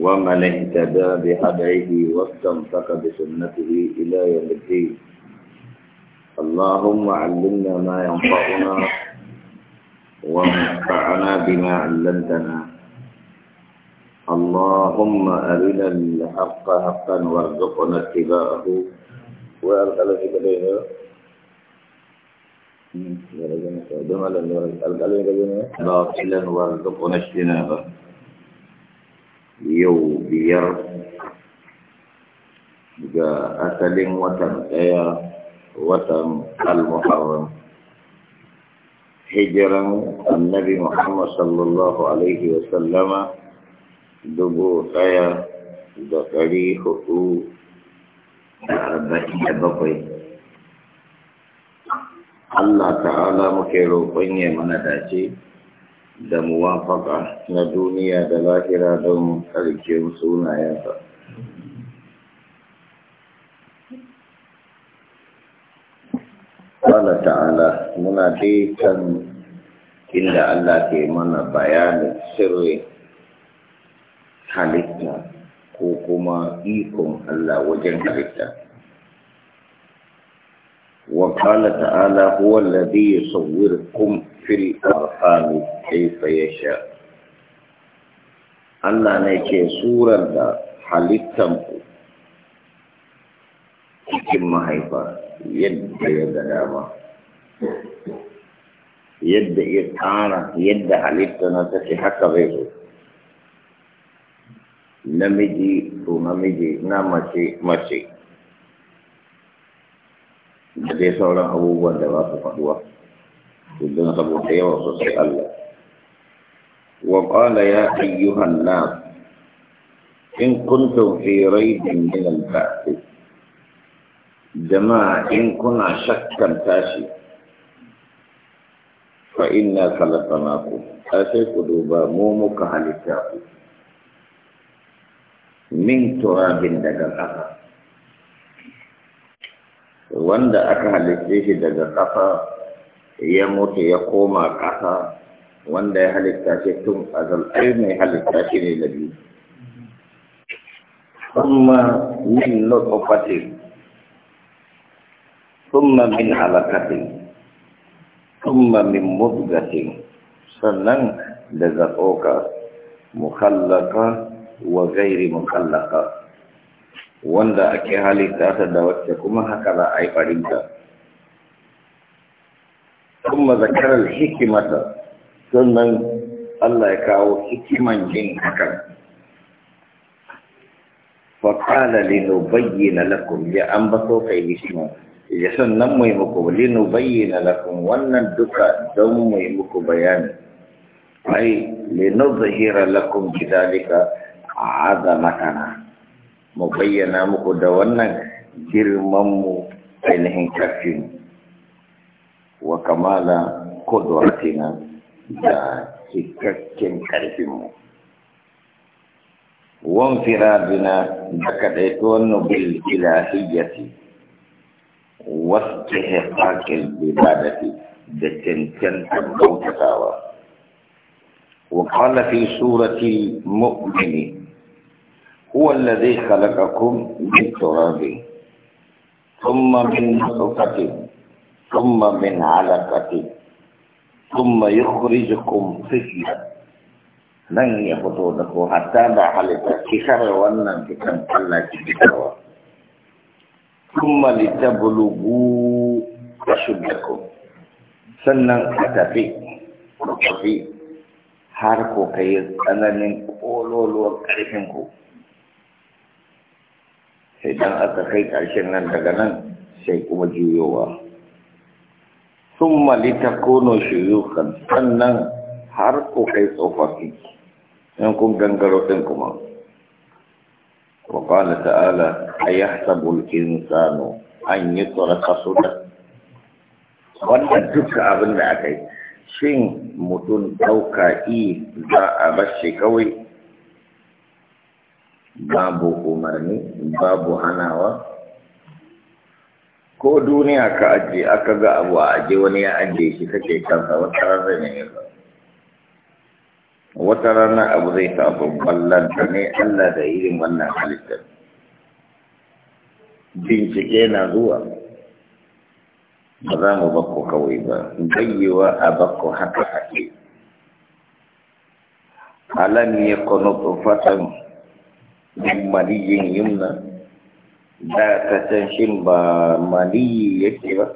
ومن اهتدى بهديه واستمسك بسنته إلى يوم الدين اللهم علمنا ما ينفعنا وانفعنا بما علمتنا اللهم أرنا الحق حقا وارزقنا اتباعه والقلب إليها باطلا وارزقنا اجتنابه yau biyar ga asalin watan ɗaya watan al-muharram hijiran annabi muhammad sallallahu alaihi wasallama dubu ɗaya da ɗari hudu da arba'in da bakwai Allah ta'ala muke roƙon ya mana dace da muwafaka na duniya da lahira don ƙarƙin sunayensa. Allah ta'ala muna dai kan inda Allah ke mana bayanin sirri halitta ko kuma ikon Allah wajen halitta. وقال تعالى هو الذي يصوركم في الأرحام كيف يشاء أنا نيكي سورة دا حليت تنبو كم ما يد يد ناما يد يتانا يد حليت تنبو تسي حقا بيزو نمجي تو نمجي ناما dai sauran abubuwan da ba su faduwa idan saboda yawa sosai Allah wa qala ya ayyuhan nas in kuntum fi raibin min al-ba'th jama'a in kuna shakkan tashi fa inna khalaqnakum sai ku duba mu muka halitta ku min turabin daga ƙasa wanda aka halitta shi daga ƙasa ya mutu ya koma ƙasa wanda ya halitta shi tun azal ai mai halitta shi ne da biyu Tumma min nutfatin tumma min halakatin tumma min mubgatin sannan daga tsoka mukallaka wa gairi mukallaka wanda ake hali ta da wacce kuma haka za a yi farinta kuma mazakarar hikimata sannan Allah ya kawo hikiman jin hakan lino linubayyana lakum ya an ba so kai hikima ya sannan mai muku linubayyana lakum wannan duka don mai muku bayani ai linuzahira lakum bidalika a azamatana mu bayyana muku da wannan girman mu ainihin ƙarfin wa kamala kudurtina da cikakken karfin mu wan firadina da kaɗaituwan nubil ilahiyyati wasu haƙaƙin ibadati da cancanta bautatawa وقال في سورة مؤمن هو الذي خلقكم من تراب ثم من نطفة ثم من علقة ثم يخرجكم طفلا لن يخطونكم حتى بعلك كسر ونن كتن الله كتوا ثم لتبلغوا أشدكم سنن كتفي كتفي har أنا من tsananin ƙololuwar ƙarfinku Sai idan aka kai ƙarshen nan daga nan sai kuma juyowa sun malita kono shiyukan sannan har ku kai tsofaffi in kun gangaro ɗin kuma wa ta'ala a yi hasabul insano an yi tsoraka su da wannan duka abin da aka yi shin mutum ɗauka iya za a bashi kawai babu umarni babu hanawa ko duniya ka ajiye aka ga abu a aje wani ya ajiye shi kake kansa wata rana ne ya wata rana abu zai tafi ballanta ne Allah da irin wannan halittar bincike na zuwa ba za mu bakko kawai ba bayyewa a bakko haka ake alam ya kwanu tsofatan maliyin yumna da ta can shi ba maliyi yake ba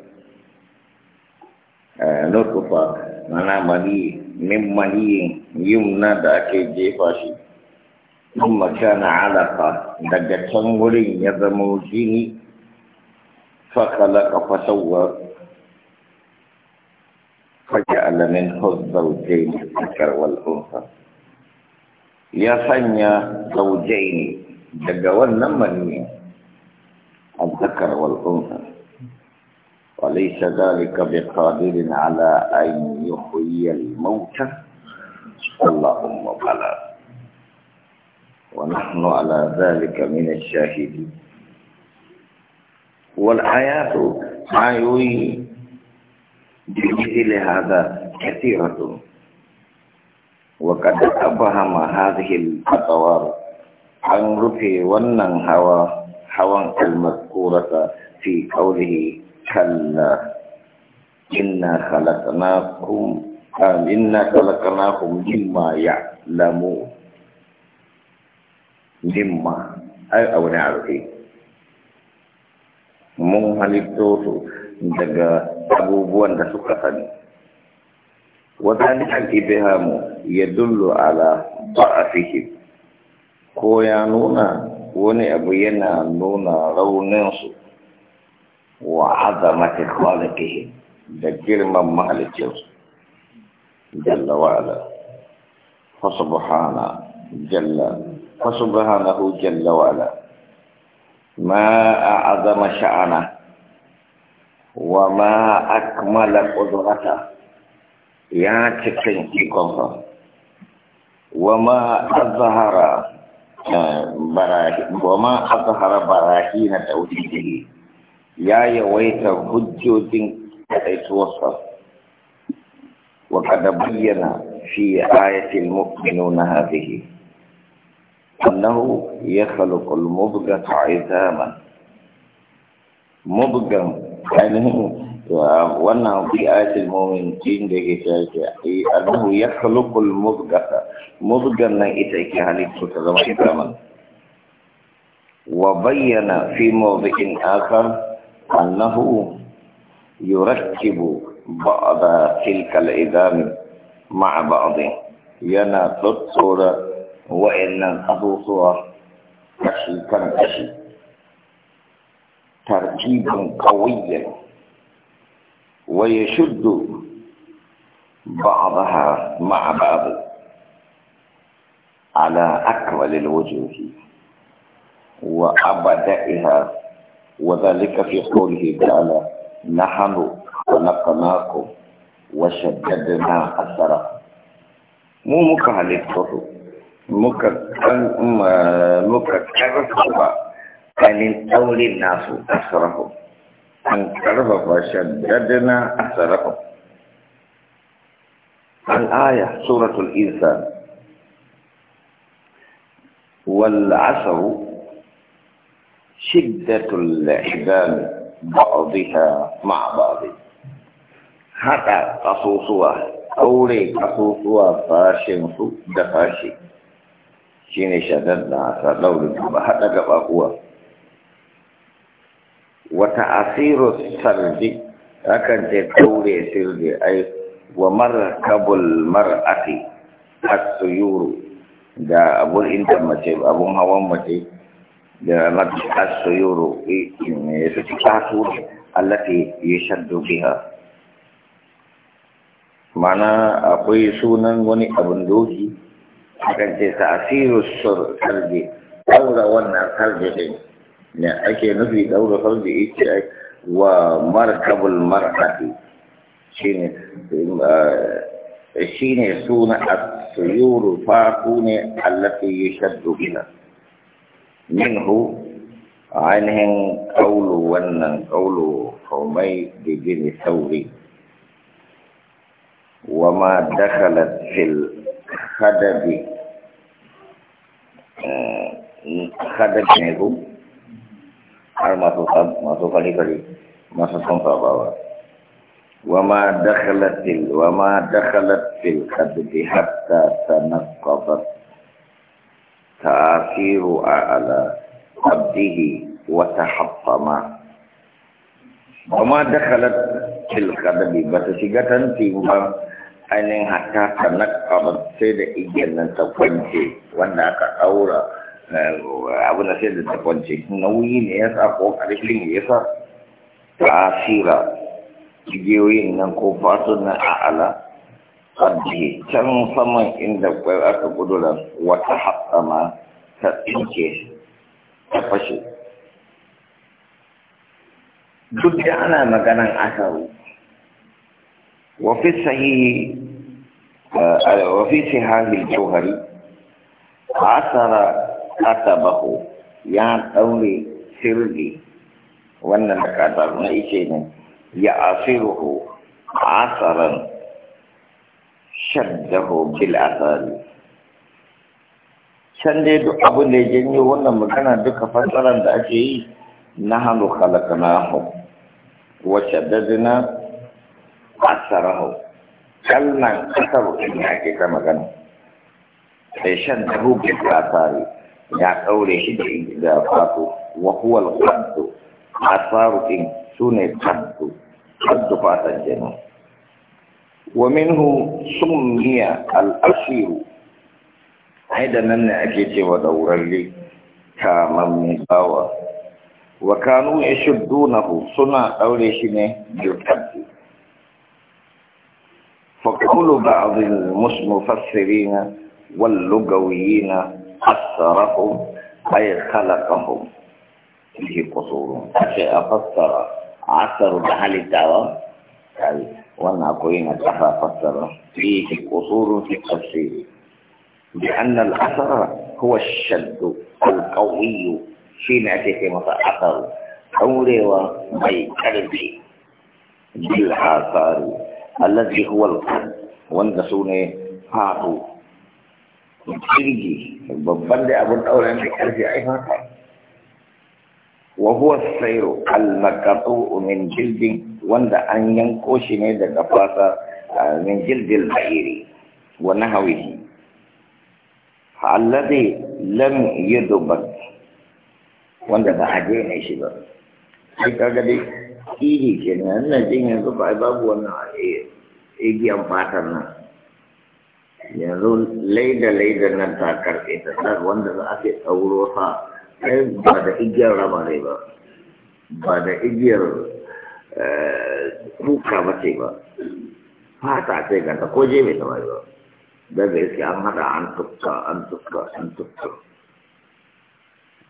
a eh, nufufa mana min maliyin yumna da ke jefa shi sun na alaka daga can wurin ya zama jini fakala kafa sauwa fage alamin hozzar jini a karwal unfa ya sanya zaujaini daga wannan maniyi الذكر والأنثى وليس ذلك بقادر على أن يحيي الموتى اللهم بلى ونحن على ذلك من الشاهدين والآيات ما بمثل هذا كثيرة وقد أبهم هذه الأطوار عن رفي ونن هوى حوى المذكورة في قوله كلا إنا خلقناكم آه إنا خلقناكم مما يعلمون مما أي أو نعرفه mun halitto su daga abubuwan da suka sani وذلك الإبهام يدل على ضعفهم كويانونا وني أبينا نونا روننسو وعظمة خالقهم دجرم مالك جل وعلا فسبحانه جل فسبحانه جل وعلا ما أعظم شأنه وما أكمل قدرته ya cikin ikonsa wa ma azhara barahi wama azhara barahi na tawdidi ya ya yawaita hujjojin kaitaituwarsa wa kada bayyana fi ayatil mu'minuna hadhihi annahu yakhluqul mubghata 'izaman mubghan ainihin في آيَةِ الْمُؤْمِنِينَ دَهِيَتَهِ أَنَّهُ يَخْلُقُ الْمُضْغَةَ مُضْغَةً إِتَيْكِ هَلِكُ تَزَمَكِ كَمَنْ وَبَيَّنَ فِي موضع آخَرَ أَنَّهُ يُرَكِّبُ بَعْضَ تِلْكَ الْإِذَامِ مَعَ بعض يَنَا تُطْصُرَ وإن أَبُوْصُرَ كَشِي كَنْ كَشِي تَرْجِيبٌ قَوِيًّا ويشد بعضها مع بعض على أكمل الوجوه وأبدائها وذلك في قوله تعالى نحن خلقناكم وشددنا أثره مو مكه muka muka karfafa kanin taurin الناس asrahu أن ترفف شددنا أسرقه الآية سورة الإنسان والعسر شدة الإحبام بعضها مع بعض حتى قصوصها أولي قصوصها فاشن سوء دفاشي شيني شددنا أسر لولي حتى قصوصها wata asiru sardi akan ce daure sirri ai wa markabul mar'ati as-suyuru da abun inda mace abun hawan mace da mace as-suyuru ne su tatu allati yashaddu biha mana akwai sunan wani abun doki akan ce ta asiru sardi daura wannan sardi din ne ake nufi ɗaura farji ita wa markabul mar'ati shi eh, shine suna as-suyuru faqune allati yushaddu biha minhu ainihin kaulu wannan kaulu kaumai da gini sauri wa ma dakala fil hadabi eh, hadabi ne har masu masu kali-kali masu son sabawa wama dakhalatil wama dakhalat fil qadbi hatta tanaqqabat ta'asiru ala abdihi wa tahaffama wama dakhalat fil qadbi bata shiga timbang ainihin hatta tanaqqabat sai da igiyar nan ta kwance wanda aka aura Eh, abin da sai da takwance nauyi ne ya sa ko karfin ya sa tasira cigiyoyin nan ko fatun nan a ala sabbi can saman inda kwai aka gudura wata hatsama ta tsinke ta fashe duk da ana maganan asaru wafi sahihi eh, wafi sahihil jauhari asara katabahu ya daure sirri wannan da kata na ice ne ya asiruhu asaran shaddahu bil asari can dai duk abin da ya janyo wannan magana duka fasaran da ake yi na hannu khalaqnahu wa shaddadna asarahu kallan asaru ne ake ta magana sai shaddahu bil asari ya ɗaure shi da fato wa huwa al-qaddu asaru din sune qaddu qaddu fatan jana wa minhu summiya al-asir ai da nan ne ake cewa dauralle kaman mai bawa wa kanu yashuddunahu suna ɗaure shi ne bil qaddu فقول بعض المفسرين واللغويين أثرهم أي خلقهم فيه قصور أشياء فسر عثر بحال الدعوة وأن أقوين أتحى فسر فيه قصور في التفسير لأن الأثر هو الشد القوي في نأتيك متأثر عمري ومي كربي بالآثار الذي هو القلب وندسونه هاتو jirgi babban da abin daura ne karfi a haka wa huwa sayru al-maqatu min jildin wanda an yanko shi ne daga fasa min jildil bayri wa nahawihi alladhi lam yudbak wanda ba a ne shi ba sai kaga dai kiri kenan nan jin yanzu ba babu wannan eh, igiyan fatar nan yanzu laida laida nan ta karfe ta tsar wanda za a ke tsauro sa ba da igiyar rama ne ba ba da igiyar eh, kuka ba ce ba fata ce ganta ko je mai tsamari ba daga iske an hada an tukka an tukka an tukka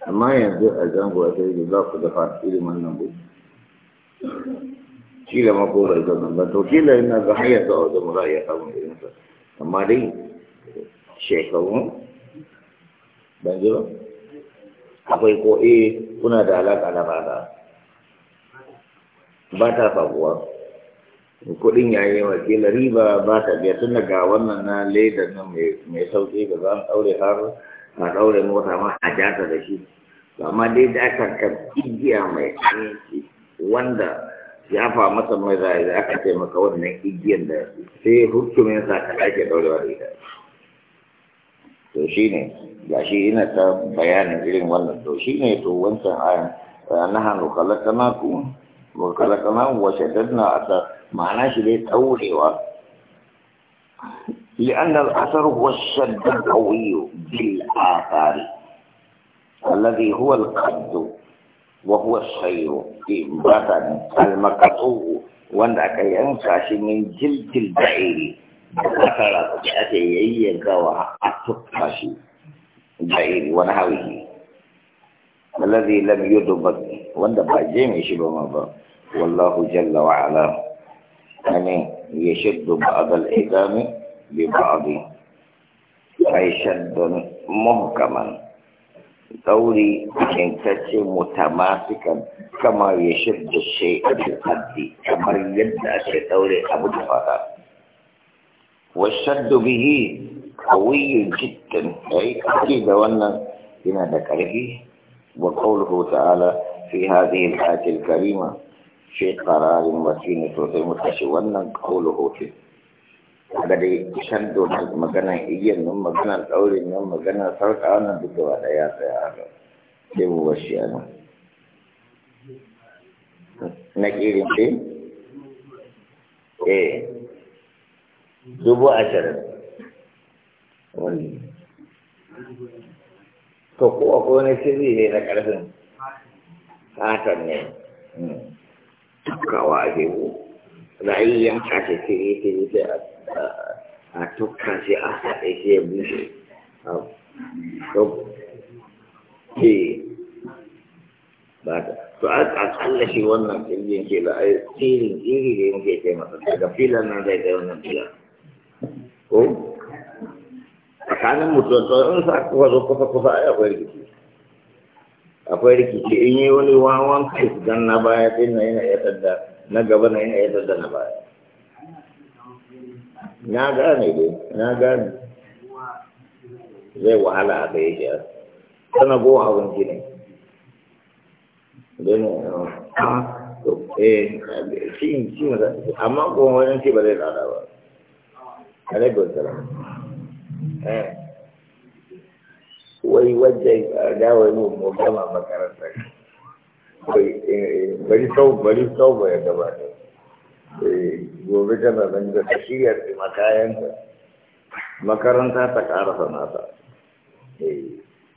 amma yanzu a zango a sai za ku dafa irin wannan bu kila ma ko bai zama ba to kila yana ga hayar da wajen mura ya samu irinsa amma dai shekaru ban ji akwai ko eh kuna da alaƙa na bada ba ta faruwa kuɗin ya yi wakila riba ba ta biya tun ga wannan na ledar nan mai sauƙi da za mu ɗaure har a ɗaure mota ma a jata da shi amma dai da aka kan igiya mai aminci wanda ya fa masa mai zai da aka ce maka wannan igiyan da sai hukumin sa ka ake daurewa ita to shine gashi ina ta bayanin irin wannan to shine to wancan ayan nahanu khalaqnakum wa khalaqnakum wa shaddadna asa ma'ana shi dai daurewa لأن الأثر هو الشد القوي بالآثار الذي هو القد وهو الصير بطن المقطوع وان اكيان فاشين من جلد البعير بطل اكي يقوى اتوك فاشي بعيري ونهوه الذي لم يدبط وان دبا جيمي شبه والله جل وعلا يعني يشد بعض الإدام ببعض أي شد محكماً ɗauri yankacce mutamasikan kamar ya shirya shai'ar haddi kamar yadda ake ɗaure abu da fata washaddu bihi kawiyyun jiddan yayi kake da wannan yana da ƙarfi wa qawluhu ta'ala fi hadhihi al-ayati karima fi qararin matin to sai mutashi wannan qawluhu ta'ala kaga dai shan domin maganan igiyan nan maganan ɗaurin nan maganan sarƙa wannan duk gaba ɗaya ya tsaya haka sai mu bar shi nan na ƙirin ce eh dubu ashirin to ko akwai wani sirri ne na ƙarfin fatan ne hmm. kawa ake ko ra'ayi yanka ce sirri sirri sai a a tukkan shi a haɗe shi bushe ke eh. ba da to a kalla shi wannan filin ke da a tsirin iri da muke masa daga filan nan zai wannan filan ko tsakanin in sa kuka zo kusa kusa akwai rikici akwai rikici in yi wani wawan kai dan na baya sai na yana na gaba na yana na baya na gane dai na gane zai wahala a kai ah, eh, shi sana goma ne don amma wajen ce ba zai tsada ba eh. wai wajen ah, mu gama makaranta eh, bari sau bari sau gabata Eh, gobe tana nan da tafiyar makayanta makaranta ta ƙara sanata eh.